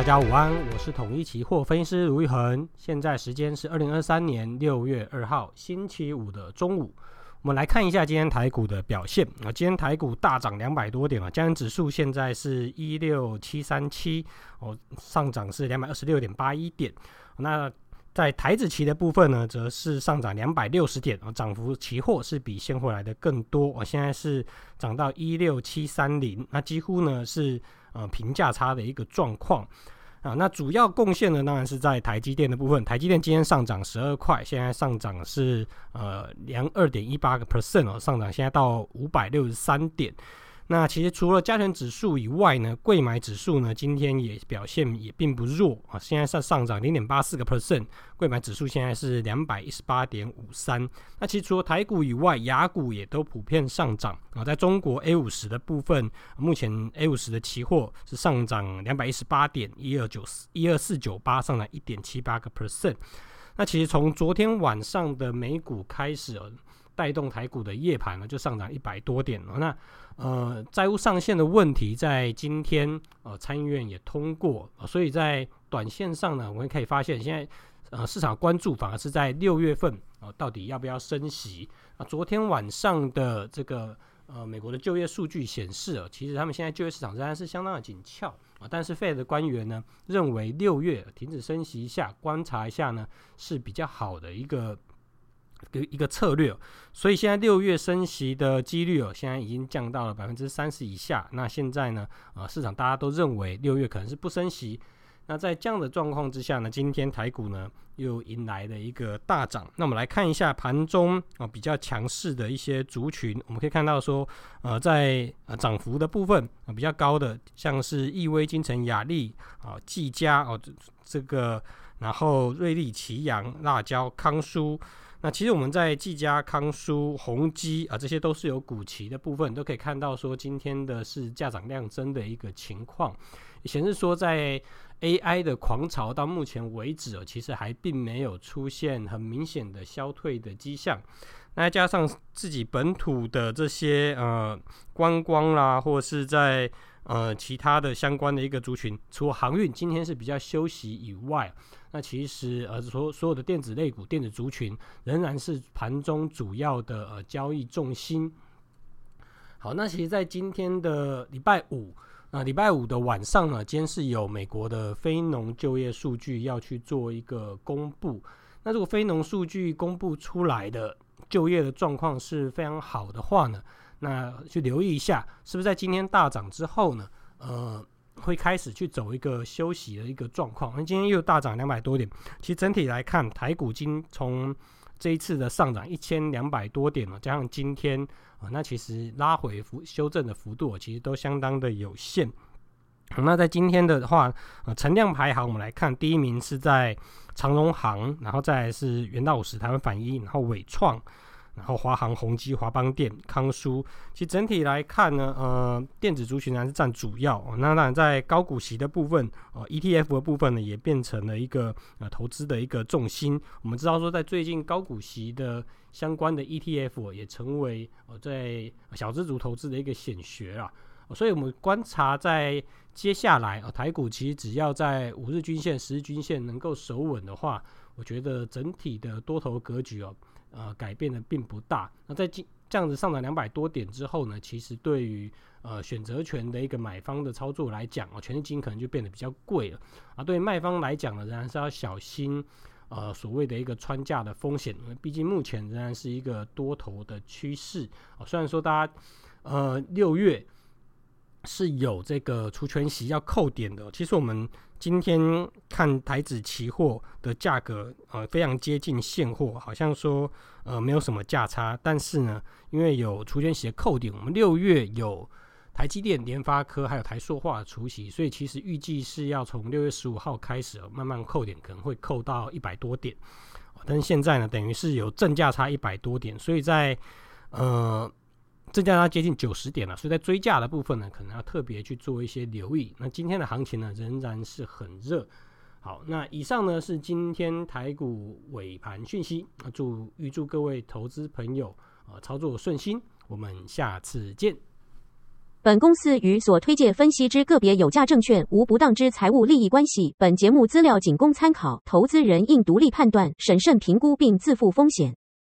大家午安，我是統一期貨分析師盧昱衡。現在時間是二零二三年六月二號星期五的中午。我們來看一下今天台股的表現。啊，今天台股大漲兩百多點啊，加權指數現在是一六七三七，哦，上漲是兩百二十六點八一點。那在台指期的部分呢，則是上漲兩百六十點，啊、哦。漲幅期貨是比現貨來的更多。我、哦、現在是漲到一六七三零，那幾乎呢是呃平價差的一個狀況。啊，那主要貢獻呢，當然是在台積電的部分。台積電今天上漲十二塊，現在上漲是呃兩二點一八個 percent 哦，上漲現在到五百六十三點。那其實除了加權指數以外呢，櫃買指數呢今天也表現也並不弱啊，現在上漲零點八四個 percent，櫃買指數現在是兩百一十八點五三。那其實除了台股以外，亞股也都普遍上漲啊，在中國 A 五十的部分，啊、目前 A 五十的期貨是上漲兩百一十八點一二九四一二四九八，上漲一點七八個 percent。那其實從昨天晚上的美股開始。帶動台股的夜盤呢，就上漲一百多點了。那呃，債務上限的問題在今天呃，參議院也通過、呃，所以在短線上呢，我們可以發現，現在呃，市場關注反而是在六月份啊、呃，到底要不要升息、呃、昨天晚上的這個呃，美國的就業數據顯示，啊、呃，其實他們現在就業市場仍然是相當的緊俏啊、呃，但是 Fed 的官員呢，認為六月、呃、停止升息一下，觀察一下呢，是比較好的一個，一個策略，所以現在六月升息的幾率哦，現在已經降到了百分之三十以下。那現在呢，啊、呃，市場大家都認為六月可能是不升息。那在這樣的狀況之下呢，今天台股呢又迎來了一個大漲。那我們來看一下盤中啊、呃、比較強勢的一些族群，我們可以看到說，呃，在呃漲幅的部分啊、呃、比較高的，像是易威、金城雅、雅、呃、麗、啊技嘉、哦這這個，然後瑞麗、奇陽、辣椒、康舒。那其實我們在技嘉、康舒、宏碁啊，這些都是有股期的部分，都可以看到說，今天的是價漲量增的一個情況，顯示說在 AI 的狂潮到目前為止，哦，其實還並沒有出現很明顯的消退的跡象。那加上自己本土的這些呃觀光啦，或者是在呃其他的相關的一個族群，除了航運今天是比較休息以外。那其實呃，所所有的電子類股、電子族群仍然是盤中主要的呃交易重心。好，那其實，在今天的禮拜五，那、呃、禮拜五的晚上呢，今天是有美國的非農就業數據要去做一個公布。那如果非農數據公布出來的就業的狀況是非常好的話呢，那去留意一下，是不是在今天大漲之後呢，呃。會開始去走一個休息的一個狀況，那今天又大漲兩百多點，其實整體來看，台股今從這一次的上漲一千兩百多點嘛，加上今天啊，那其實拉回幅修正的幅度，其實都相當的有限。那在今天的話，啊、呃，成交量排行我們來看，第一名是在長榮行，然後再來是元大五十台灣反一，然後緯創。然後華航、宏基、華邦電、康舒，其實整體來看呢，呃，電子族群還是占主要。那當然在高股息的部分，哦、呃、，ETF 的部分呢，也變成了一個呃投資的一個重心。我們知道說，在最近高股息的相關的 ETF 也成為哦、呃、在小資族投資的一個顯學啊。所以，我們觀察在接下來啊，台股其實只要在五日均線、十日均線能夠守穩的話，我覺得整體的多頭格局哦、啊，呃，改變的並不大。那在今這樣子上漲兩百多點之後呢，其實對於呃選擇權的一個買方的操作來講啊，權利金可能就變得比較貴了。啊，對於賣方來講呢，仍然是要小心呃所謂的一個穿價的風險，因為畢竟目前仍然是一個多頭的趨勢。啊，雖然說大家呃六月。是有這個除權息，要扣點的。其實我們今天看台指期貨的價格，呃，非常接近現貨，好像說呃沒有什麼價差。但是呢，因為有除權息的扣點，我們六月有台積電、聯發科還有台塑化的除息，所以其實預計是要從六月十五號開始、呃、慢慢扣點，可能會扣到一百多點。但是現在呢，等於是有正價差一百多點，所以在呃。增加到接近九十點了，所以在追價的部分呢，可能要特別去做一些留意。那今天的行情呢，仍然是很熱。好，那以上呢是今天台股尾盤訊息。啊，祝預祝各位投資朋友啊，操作順心。我們下次見。本公司與所推介分析之個別有價證券無不當之財務利益關係。本節目資料僅供參考，投資人應獨立判斷、審慎評估並自負風險。